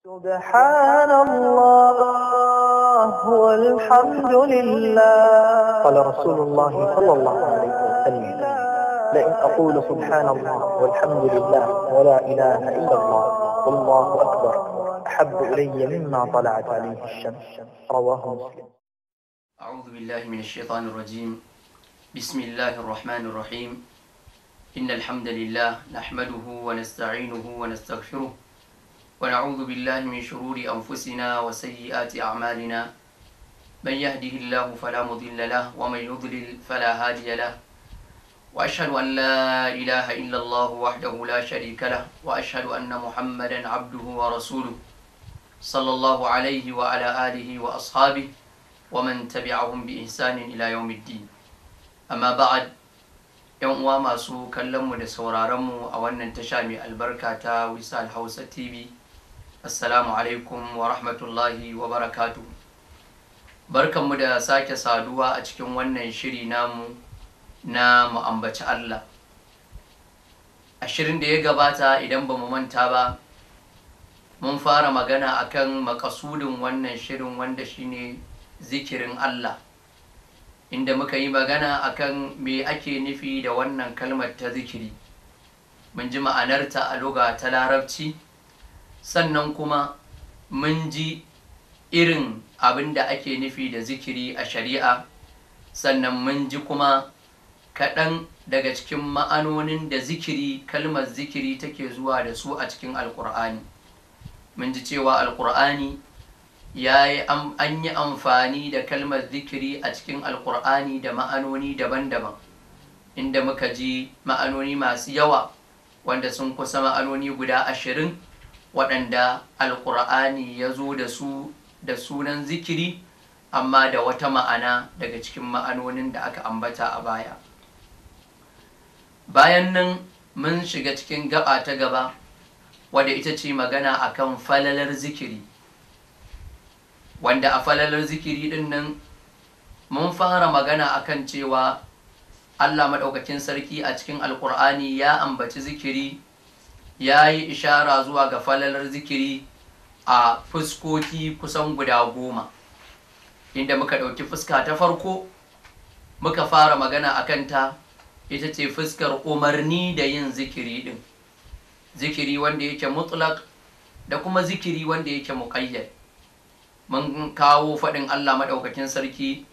سبحان الله والحمد لله قال رسول الله صلى الله عليه وسلم لئن أقول سبحان الله والحمد لله ولا إله إلا الله والله أكبر أحب إلي مما طلعت عليه الشمس رواه مسلم أعوذ بالله من الشيطان الرجيم بسم الله الرحمن الرحيم إن الحمد لله نحمده ونستعينه ونستغفره ونعوذ بالله من شرور أنفسنا وسيئات أعمالنا من يهده الله فلا مضل له ومن يضلل فلا هادي له وأشهد أن لا إله إلا الله وحده لا شريك له وأشهد أن محمدا عبده ورسوله صلى الله عليه وعلى آله وأصحابه ومن تبعهم بإحسان إلى يوم الدين أما بعد yan uwa masu kallonmu da sauraronmu a wannan tasha mai albarka ta wisal hausa tv Assalamu alaikum wa rahmatullahi wa barakatu. Barkanmu da sake saduwa a cikin wannan shiri namu na mu'ambaci Allah. A shirin da ya gabata idan ba mu manta ba, mun fara magana akan makasudin wannan shirin wanda shine zikirin Allah. Inda muka yi magana akan me ake nufi da wannan kalmar ta zikiri. Mun ji ma'anarta a loga ta larabci. sannan kuma mun ji irin abin da ake nufi da zikiri a shari'a sannan mun ji kuma kaɗan daga cikin ma'anonin da zikiri kalmar zikiri take zuwa da su a cikin alkur'ani mun ji cewa alkur'ani an yi amfani da kalmar zikiri a cikin alkur'ani da ma'anoni daban-daban inda muka ji ma'anoni masu yawa wanda sun kusa ma'anoni guda ashirin waɗanda alƙur'ani ya zo da su da sunan zikiri amma da wata ma'ana daga cikin ma'anonin da aka ambata a baya bayan nan mun shiga cikin gaba ta gaba wadda ita ce magana akan falalar zikiri wanda a falalar zikiri din nan mun fara magana akan cewa allah maɗaukakin sarki a cikin alkur'ani ya ambaci zikiri ya yi ishara zuwa ga falalar zikiri a fuskoki kusan guda goma inda muka ɗauki fuska ta farko muka fara magana a kanta ita ce fuskar umarni da yin zikiri ɗin zikiri wanda yake mutlak da kuma zikiri wanda yake muƙayyar. mun kawo faɗin allah maɗaukakin sarki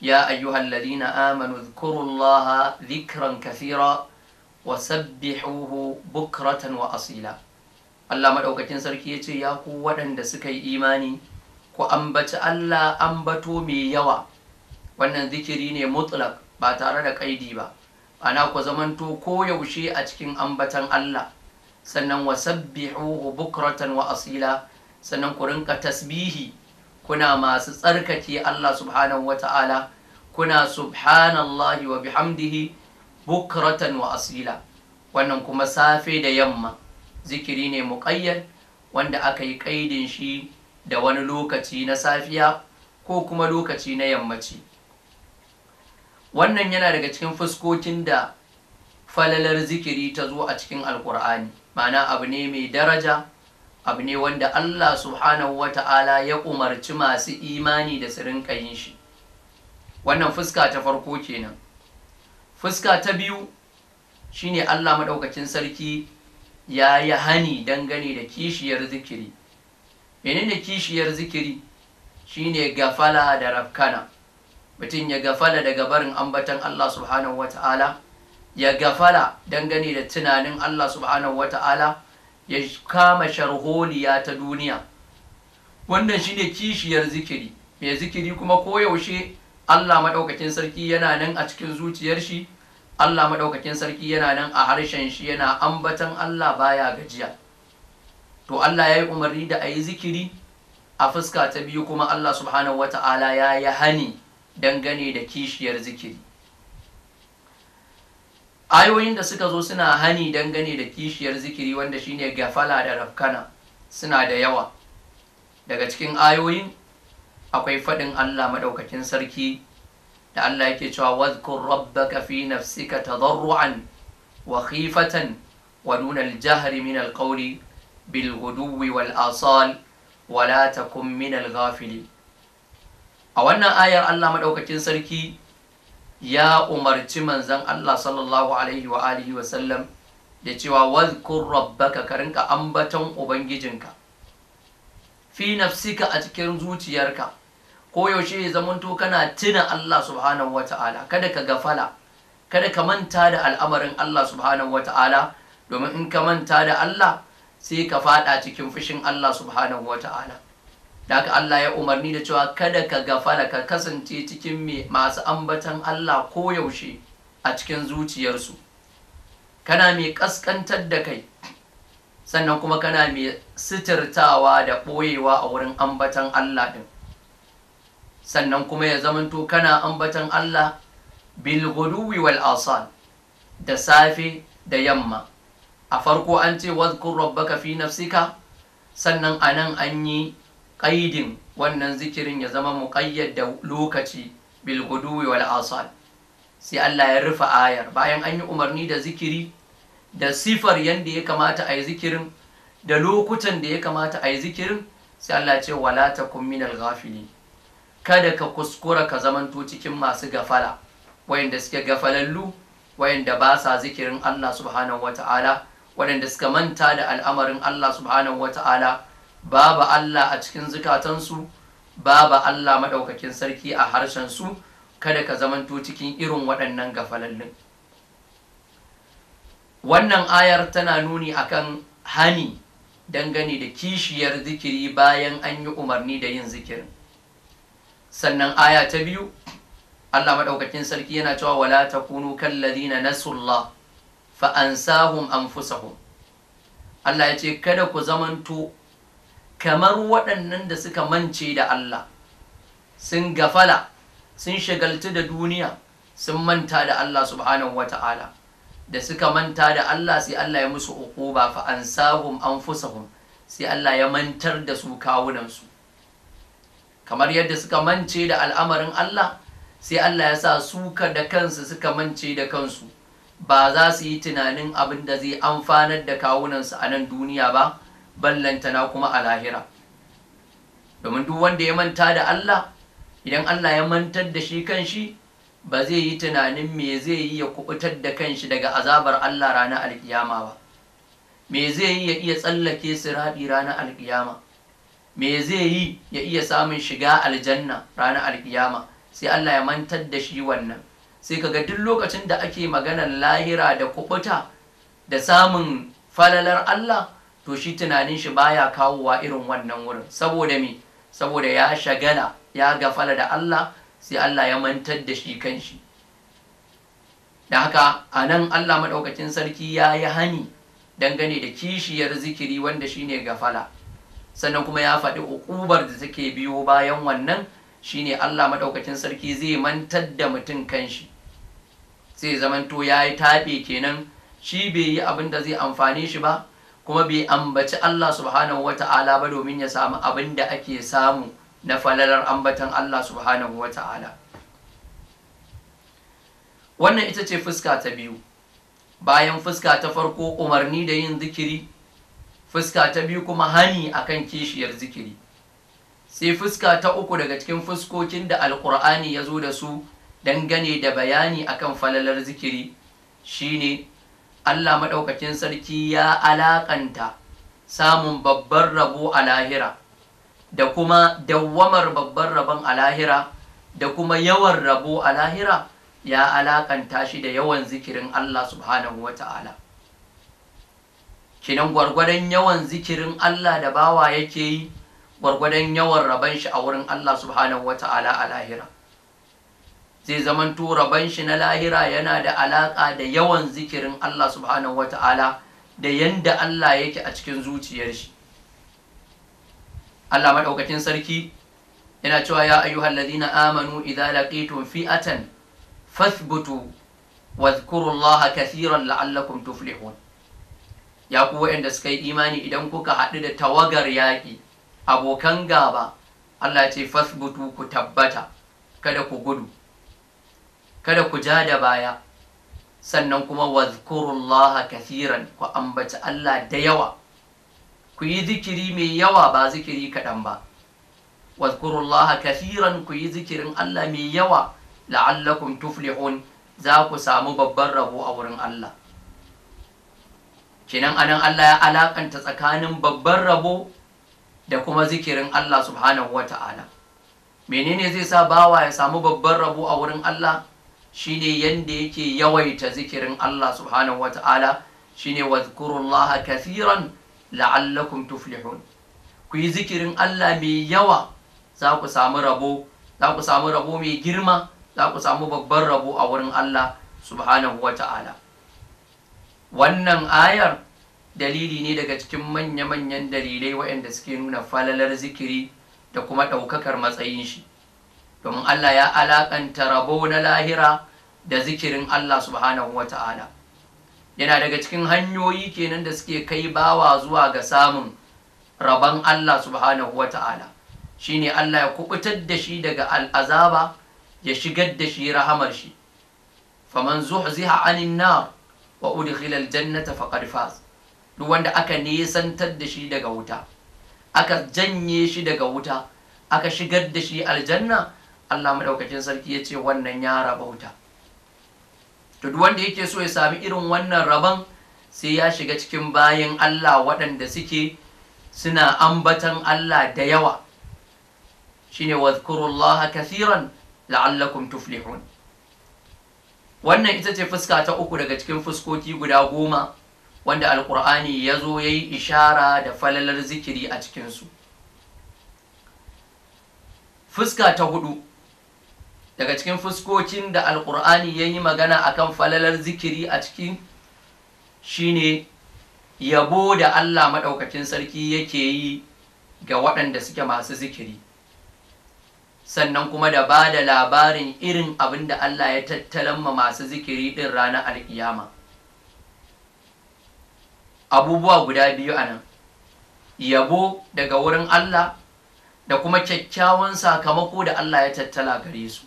ya ayyuhallazina amanu zkurullaha zikran kasira wasabbihuhu bukratan wa asila Allah maɗaukacin sarki ya ce ya ku waɗanda suka yi imani ku ambaci Allah ambato mai yawa wannan zikiri ne mutlak ba tare da kaidi ba ana ku zamanto yaushe a cikin ambatan Allah sannan wasabbihuhu bukratan wa asila sannan ku rinka tasbihi kuna masu tsarkake Allah subhanahu wata'ala kuna subhanallahi wa bihamdihi bukratan wa asila wannan kuma safe da yamma zikiri ne muƙayyad wanda aka yi ƙaidin shi da wani lokaci na safiya ko kuma lokaci na yammaci wannan yana daga cikin fuskokin da falalar zikiri ta zo a cikin alkur'ani ma'ana abu ne mai daraja abu ne wanda allah subhanahu wa ya umarci masu imani da su rinka yin shi wannan fuska ta farko kenan fuska ta biyu shine Allah maɗaukakin sarki ya yi hani dangane da kishiyar zikiri menene kishiyar zikiri shine gafala da rafkana mutum ya gafala daga barin ambatan Allah subhanahu wata'ala ya gafala dangane da tunanin Allah subhanahu wata'ala ya kama sharholiya ta duniya wannan shine kishiyar zikiri mai zikiri kuma koyaushe Allah maɗaukakin sarki yana nan a cikin zuciyar shi Allah maɗaukakin sarki yana nan a harshen shi yana ambatan Allah baya gajiya to Allah ya yi umarni da a yi zikiri a fuska ta biyu kuma Allah subhanahu wata'ala ya yi hani dangane da kishiyar zikiri ayoyin da suka zo suna hani dangane da kishiyar zikiri wanda shine gafala da rafkana suna da yawa daga cikin ayoyin akwai faɗin Allah maɗaukakin sarki da Allah yake cewa wadhkur rabbaka fi nafsika tadarruan wa khifatan wa dun al-jahri min al-qawli bil ghuduwi wal asal wa la takun min al a wannan ayar Allah madaukakin sarki ya umarci manzon Allah sallallahu alaihi wa alihi wa sallam da cewa wadhkur rabbaka ka rinka ambaton ubangijinka fi nafsika a cikin zuciyarka koyaushe ya zamanto kana tuna Allah subhanahu wa ta'ala. kada ka gafala kada ka manta da al'amarin Allah subhanahu wa ta'ala domin in ka manta da Allah sai ka fada cikin fushin Allah subhanahu wa ta'ala. da haka Allah ya umarni da cewa kada ka gafala ka kasance cikin masu ambatan Allah koyaushe a cikin zuciyarsu kana mai kaskantar da kai sannan kuma kana mai sitirtawa da ɓoyewa a wurin ambatan Allah din. sannan kuma ya zamanto kana ambatan Allah bil wal asal da safe da yamma a farko an ce wazkur rabbaka fi nafsika sannan anan an yi ƙaidin wannan zikirin ya zama muqayyad da lokaci bil wal asal sai Allah ya rufe ayar bayan an yi umarni da zikiri da sifar yanda ya kamata a yi zikirin da lokutan da ya kamata a yi zikirin sai Allah ce wala takum minal ghafilin kada ka kuskura ka zamanto cikin masu gafala wayanda suke gafalallu wayanda ba sa zikirin Allah subhanahu wata'ala wayanda suka manta da al'amarin Allah subhanahu wata'ala babu Allah a cikin zukatansu babu Allah madaukakin sarki a harshen su kada ka zamanto cikin irin waɗannan gafalallun wannan ayar tana nuni akan hani dangane da kishiyar zikiri bayan an yi umarni da yin zikirin sannan aya ta biyu Allah madaukakin sarki yana cewa wala takunu kalladina nasullah fa ansahum anfusahum Allah ya ce kada ku zamanto kamar waɗannan da suka mance da Allah sun gafala sun shagaltu da duniya sun manta da Allah subhanahu wata'ala da suka manta da Allah sai Allah ya musu uquba fa ansahum anfusahum sai Allah ya mantar da su kawunansu kamar yadda suka mance da al'amarin Allah sai Allah ya sa suka da kansu suka mance da kansu ba za su yi tunanin abin da zai amfanar da kawunansu a nan duniya ba ballantana kuma a lahira domin duk wanda ya manta da Allah idan Allah ya mantar da shi kanshi ba zai yi tunanin me zai yi ya kubutar da kanshi daga azabar Allah ranar alkiyama ba me zai yi ya iya tsallake su siradi ranar alkiyama me zai yi ya iya samun shiga aljanna ranar alkiyama sai Allah ya mantar da shi wannan sai kaga duk lokacin da ake maganar lahira da kubuta da samun falalar Allah to shi tunanin shi baya kawowa irin wannan wurin saboda me saboda ya shagala ya gafala da Allah sai Allah ya mantar da shi kanshi da haka a nan Allah maɗaukacin sarki ya yi hani dangane da kishiyar zikiri wanda shine gafala sannan kuma ya faɗi ukubar da take biyo bayan wannan shine Allah maɗaukacin sarki zai mantar da mutum kanshi Sai zamanto ya yi taɓe kenan shi bai yi abin da zai amfane shi ba kuma bai ambaci Allah subhanahu Ta'ala ba domin ya samu abin da ake samu na falalar ambatan Allah subhanahu Ta'ala. wannan ita ce fuska ta biyu bayan fuska ta farko umarni da yin zikiri fuska ta biyu kuma hani akan kishiyar zikiri sai fuska ta uku daga cikin fuskokin da alkur'ani ya zo da su dangane da bayani akan falalar zikiri shine allah maɗaukakin sarki ya alaƙanta samun babban rabo a lahira da kuma dawwamar babban rabon a lahira da kuma yawan rabo a lahira ya alaƙanta shi da yawan zikirin allah subhanahu wa ta'ala kinan gwargwadon yawan zikirin Allah da bawa yake yi gwargwadon yawan raban shi a wurin Allah subhanahu wata'ala a lahira zai zamanto raban shi na lahira yana da alaƙa da yawan zikirin Allah subhanahu wata'ala da yanda Allah yake a cikin zuciyar shi Allah madaukakin sarki yana cewa ya ayyuhal ladina amanu idza laqitum fi'atan fathbutu dhkurullaha kathiran la'allakum tuflihun ya ku waɗanda suka yi imani idan kuka haɗu da tawagar yaƙi abokan gaba Allah ce fasbutu ku tabbata kada ku gudu kada ku ja da baya sannan kuma wazkurullaha kathiran ku ambaci Allah da yawa ku yi zikiri mai yawa ba zikiri kaɗan ba wazkurullaha kathiran ku yi zikirin Allah mai yawa la'allakum tuflihun za ku samu babban rabo a wurin Allah kenan anan Allah ya alakanta tsakanin babban rabo da kuma zikirin Allah subhanahu menene zai sa bawa ya samu babban rabo a wurin Allah shine yanda yake yawaita zikirin Allah subhanahu wata'ala shine wadhkurullaha kathiran la'allakum tuflihun ku yi zikirin Allah mai yawa za ku samu rabo za ku samu rabo mai girma za ku samu babban rabo a wurin Allah subhanahu wannan ayar dalili ne daga cikin manya-manyan dalilai waɗanda suke nuna falalar zikiri da kuma ɗaukakar matsayin shi domin Allah ya alaƙanta rabo na lahira da zikirin Allah subhanahu ta'ala, yana daga cikin hanyoyi kenan da suke kai bawa zuwa ga samun rabon Allah subhanahu ta'ala, shine Allah ya kubutar da shi daga al'azaba ya shigar da shi rahamar shi faman zuhziha anin nar wa udkhila jannata faqad faz duk wanda aka nisantar da shi daga wuta aka janye shi daga wuta aka shigar da shi aljanna Allah madaukakin sarki ya ce wannan ya raba wuta to duk wanda yake so ya sami irin wannan rabon sai ya shiga cikin bayan Allah waɗanda suke suna ambatan Allah da yawa shine wadhkurullaha kathiran la'allakum tuflihun wannan ita ce fuska ta uku daga cikin fuskoki guda goma wanda alkur'ani ya zo ya yi ishara da falalar zikiri a cikinsu fuska ta hudu daga cikin fuskokin da alkur'ani ya yi magana akan falalar zikiri a cikin shine yabo da allah Maɗaukacin sarki yake yi ga waɗanda suke masu zikiri sannan kuma da ba da labarin irin abin da Allah ya tattalan ma masu zikiri din ranar alkiyama abubuwa guda biyu a nan yabo daga wurin Allah da kuma kyakkyawan sakamako da Allah ya tattala gare su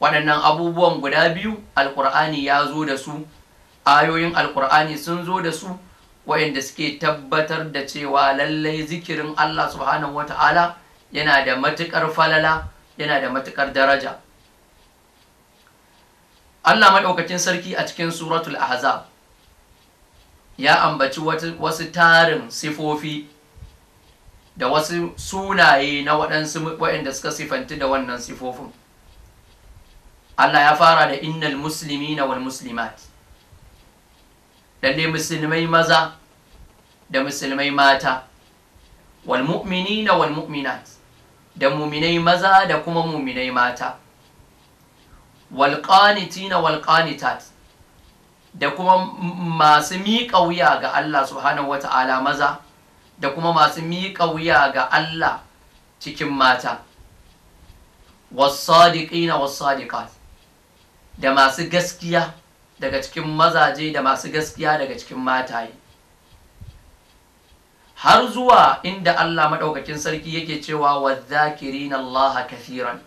waɗannan abubuwan guda biyu alkur'ani ya zo da su ayoyin alkur'ani sun zo da su wayanda suke tabbatar da cewa lallai zikirin Allah subhanahu wata'ala ta'ala yana da matuƙar falala yana da matuƙar daraja Allah maɗaukacin sarki a cikin suratul ahzab ya ambaci wasu tarin sifofi da wasu sunaye na waɗansu waɗanda suka sifanti da wannan sifofin Allah ya fara da innal muslimina wal muslimat lalle musulmai maza da musulmai mata wal mu'minina wal mu'minat da muminai maza da kuma muminai mata na walƙanitat da kuma masu miƙa wuya ga Allah subhanahu wata'ala maza da kuma masu miƙa wuya ga Allah cikin mata na wasadiqat da masu gaskiya daga cikin mazaje da masu gaskiya daga cikin mataye har zuwa inda Allah maɗaukakin sarki yake cewa wa zakirin Allah kathiran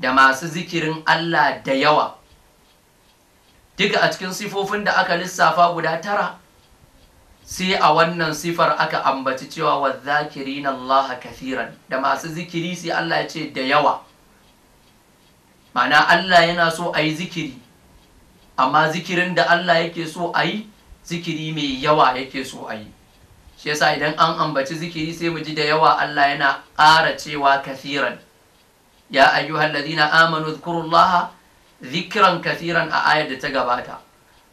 da masu zikirin Allah da yawa duka a cikin sifofin da aka lissafa guda tara sai a wannan sifar aka ambaci cewa wa zakirin Allah kathiran da masu zikiri sai Allah ya ce da yawa ma'ana Allah yana so a yi zikiri amma zikirin da Allah yake so a yi zikiri mai yawa yake so a yi shi yasa idan an ambaci zikiri sai mu ji da yawa Allah yana ƙara cewa kafiran, ya ayyuhal ladina amanu zkurullaha zikran kafiran a ayar da ta gabata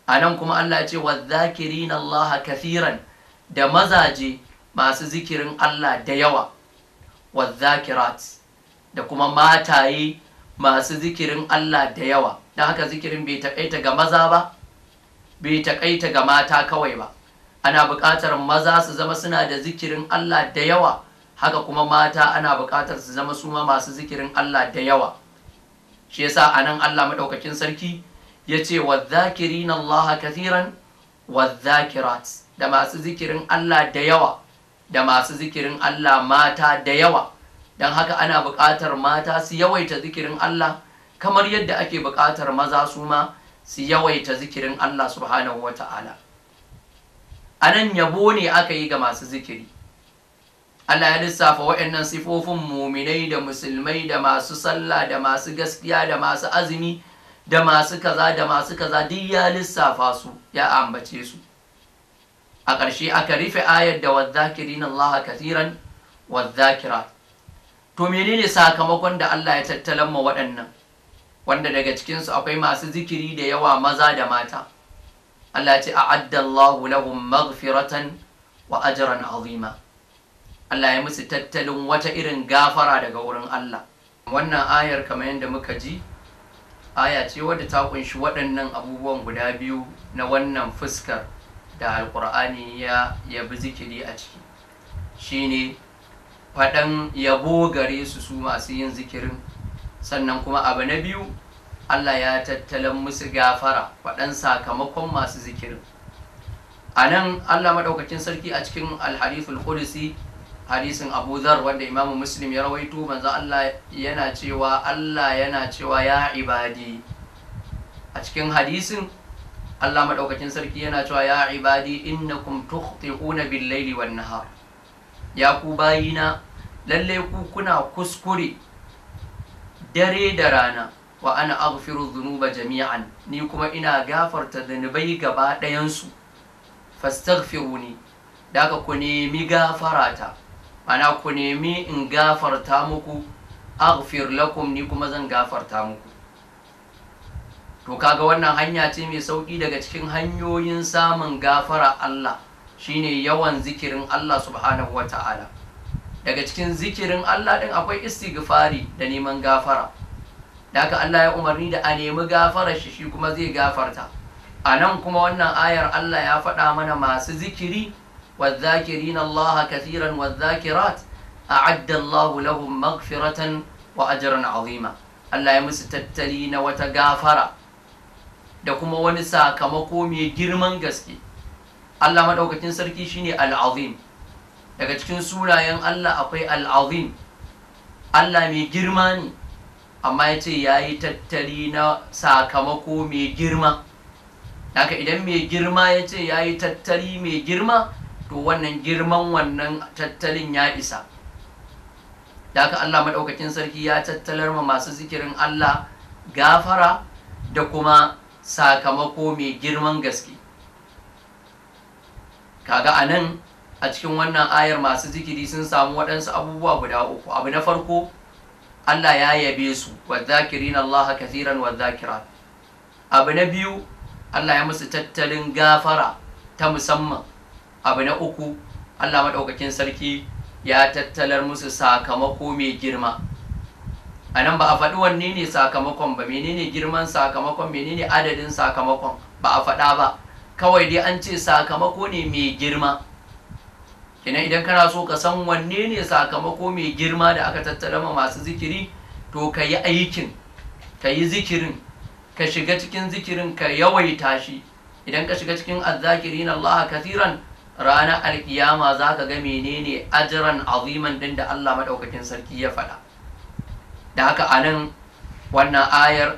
anan kuma Allah ya ce wa dhakirina Allah kafiran da mazaje masu zikirin Allah da yawa wa zakirat da kuma mataye masu zikirin Allah da yawa don haka zikirin bai taƙaita ga maza ba bai taƙaita ga mata kawai ba ana buƙatar maza su zama suna da zikirin Allah da yawa haka kuma mata ana buƙatar su zama suma masu zikirin Allah da yawa shi yasa anan Allah madaukakin sarki ya ce wa zakirin Allah kathiran wa zakirat da masu zikirin Allah da yawa da masu zikirin Allah mata da yawa don haka ana buƙatar mata su yawaita zikirin Allah kamar yadda ake buƙatar maza su ma su yawaita zikirin Allah subhanahu wa ta'ala anan yabo ne aka yi ga masu zikiri Allah ya lissafa waɗannan sifofin muminai da musulmai da masu sallah da masu gaskiya da masu azumi da masu kaza da masu kaza duk ya lissafa su ya ambace su a ƙarshe aka rufe ayar da wadzakirin Allah kathiran wadzakira to menene sakamakon da Allah ya tattalan mu waɗannan wanda daga cikinsu akwai masu zikiri da yawa maza da mata Allah ce a'adda Allahu lahum maghfiratan wa ajran azima Allah ya musu tattalin wata irin gafara daga wurin Allah wannan ayar kamar yadda muka ji aya ce wadda ta kunshi waɗannan abubuwan guda biyu na wannan fuskar da alkur'ani ya yabi zikiri a ciki shine faɗan yabo gare su su masu yin zikirin sannan kuma abu na biyu Allah ya tattalin musu gafara waɗansakamakon sakamakon masu zikirin a nan Allah maɗaukakin sarki a cikin alhariful kudusi hadisin Abu Zar wanda Imamu Muslim ya rawaito manzo Allah yana cewa Allah yana cewa ya ibadi a cikin hadisin Allah maɗaukakin sarki yana cewa ya ibadi innakum tukhti'una bil laili wan nahar ya ku bayina lalle ku kuna kuskure dare da rana wa ana aghfiru dhunuba jami'an ni kuma ina gafarta zunubai gaba ɗayansu fastaghfiruni da ka ku nemi gafarata mana ku nemi in gafarta muku aghfir lakum ni kuma zan gafarta muku to kaga wannan hanya ce mai sauki daga cikin hanyoyin samun gafara Allah shine yawan zikirin Allah subhanahu wata'ala daga cikin zikirin Allah din akwai istighfari da neman gafara da haka Allah ya umarni da a nemi gafarar shi shi kuma zai gafarta a nan kuma wannan ayar Allah ya faɗa mana masu zikiri والذاكرين الله كثيرا والذاكرات a الله lahu magfiratan وأجرا azima Allah ya musu tattali na wata gafara da kuma wani sakamako mai girman gaske Allah maɗaukacin sarki shine al'azim daga cikin sunayen Allah akwai al'azim Allah mai girma ne amma ya ce ya yi tattali na sakamako mai girma haka idan mai girma ya ce ya yi tattali mai girma to wannan girman wannan tattalin ya isa haka allah maɗaukakin sarki ya tattalar ma masu zikirin allah gafara da kuma sakamako mai girman gaske kaga a nan a cikin wannan ayar masu zikiri sun samu waɗansu abubuwa guda uku abu na farko Allah ya yabe su zakirin Allah kathiran zakira abu na biyu Allah ya musu tattalin gafara ta musamman abu na uku Allah maɗaukakin sarki ya tattalar musu sakamako mai girma a nan ba a faɗi wanne ne sakamakon ba menene girman sakamakon menene adadin sakamakon ba a faɗa ba kawai dai an ce sakamako ne mai girma kenan idan kana so ka san wanne ne sakamako mai girma da aka tattara ma masu zikiri to ka yi aikin ka yi zikirin ka shiga cikin zikirin ka yawaita shi idan ka shiga cikin azzakirin Allah kathiran ranar alkiyama za ka ga menene ajiran aziman din da Allah maɗaukakin sarki ya faɗa da haka a nan wannan ayar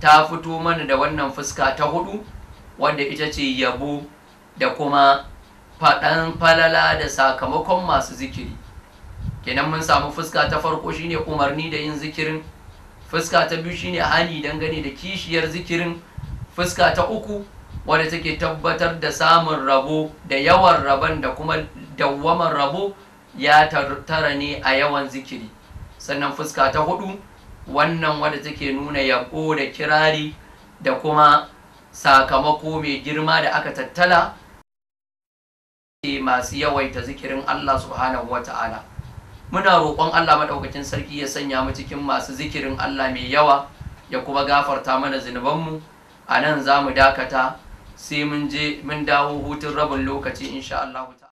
ta fito mana da wannan fuska ta hudu wanda ita ce yabo da kuma faɗan falala da sakamakon masu zikiri kenan mun samu fuska ta farko shine umarni da yin zikirin fuska ta biyu shine hani dangane da kishiyar zikirin fuska ta uku wadda take tabbatar da samun rabo da yawan rabon da kuma dawwamar rabo ya tara ne a yawan zikiri sannan fuska ta hudu wannan wadda take nuna yabo da kirari da kuma sakamako mai girma da aka tattala masu yawaita zikirin Allah subhanahu wata'ala muna roƙon Allah maɗaukacin sarki ya sanya mu cikin masu zikirin Allah mai yawa ya kuma gafarta mana zunubanmu a nan za mu dakata sai mun je mun dawo hutun rabin lokaci insha Allah